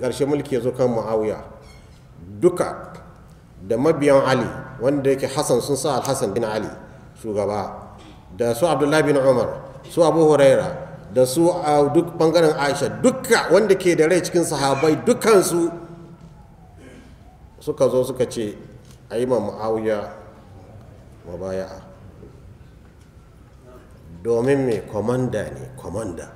ƙarshe mulki ya zo kan muawiya duka da mabiyan ali wanda yake hassan sun sa alhassan bin ali shugaba da su abdullahi bin umar su abu huraira da su a duk bangaren aisha duka wanda ke da rai cikin sahabai dukansu suka zo suka ce a yi ma wa mabaya'a domin mai kwamanda ne kwamanda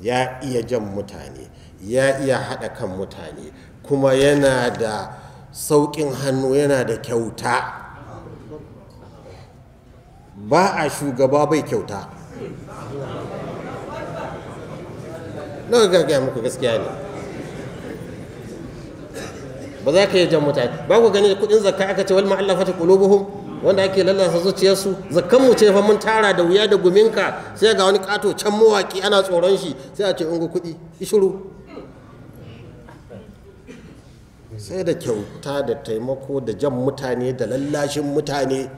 ya iya jan mutane ya iya haɗa kan mutane kuma yana da sauƙin hannu yana da kyauta ba a shugaba bai kyauta na gaggaya muku gaskiya ne ba za ka yi jan mutane ba ku gani kudin zakka aka ce wal ma'allafa ta qulubuhum wanda ake lallasa zuciyarsu zakkan mu ce fa mun tara da wuya da guminka sai ga wani kato can mawaki ana tsoron shi sai a ce kuɗi kudi ishuru sai da kyauta da taimako da jan mutane da lallashin mutane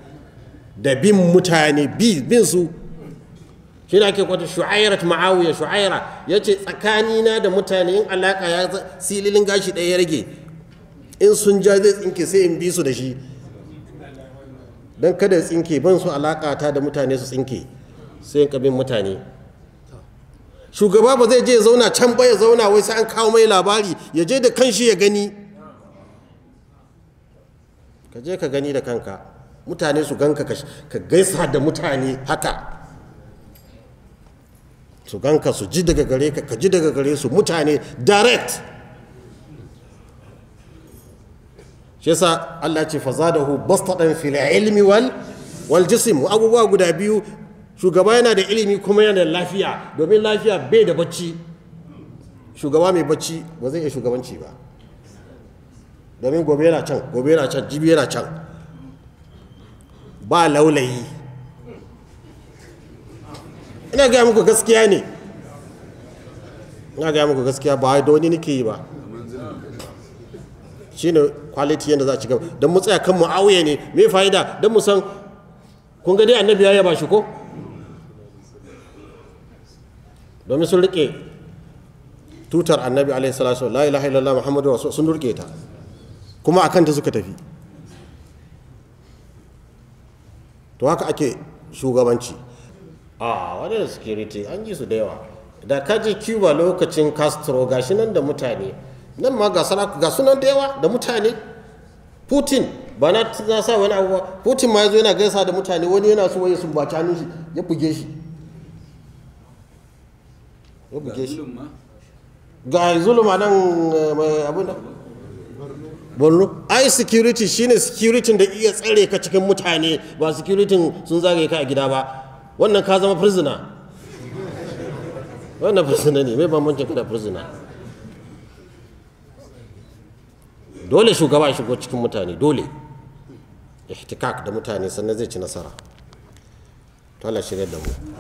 da bin mutane bin su shi ne ake kwata shu'airat ma'awiya shu'aira ya ce tsakanina da mutane in alaka ya sililin gashi ɗaya ya rage in sun ja zai tsinke sai in bi su da shi don kada tsinke ban su alaka ta da mutane su tsinke sai in kabin mutane shugaba ba zai je ya zauna can ba ya zauna wai sai an kawo mai labari ya je da kanshi ya gani ka je ka gani da kanka mutane su ganka ka gaisa da mutane haka su ganka su ji daga gare ka ka ji daga gare su mutane direct shi yasa Allah ce fazadahu bastadan fil ilmi wal wal jism abubuwa guda biyu shugaba yana da ilimi kuma yana da lafiya domin lafiya bai da bacci shugaba mai bacci ba zai iya shugabanci ba domin gobe yana can gobe yana can jibi yana can ba laulayi ina gaya muku gaskiya ne ina gaya muku gaskiya ba da wani nake yi ba shi ne kwaliti yadda za a ci gaba don mu tsaya kan ma'auye ne mai fa'ida don mu san kun ga dai annabi ya ba shi ko domin sun rike tutar annabi alaihi salatu la ilaha illallah muhammadu rasul sun rike ta kuma a kanta suka tafi to haka ake shugabanci a da security an ji su da yawa da kaji cuba lokacin castro shi nan da mutane nan ma ga sunan da yawa da mutane putin ba na sa wani abu ba putin ma ya zo yana gaisa da mutane wani yana so waye sun baci hannun shi ya buge shi ga zuluma nan eh, mai abin da borno ai security shine security da iya tsare ka cikin mutane ba security sun zage ka a gida ba wannan ka zama prisoner wannan prisoner ne mai bambancin ka da prisoner dole shugaba ya shigo cikin mutane dole ihtikak da mutane sannan zai ci nasara to Allah shirya da mu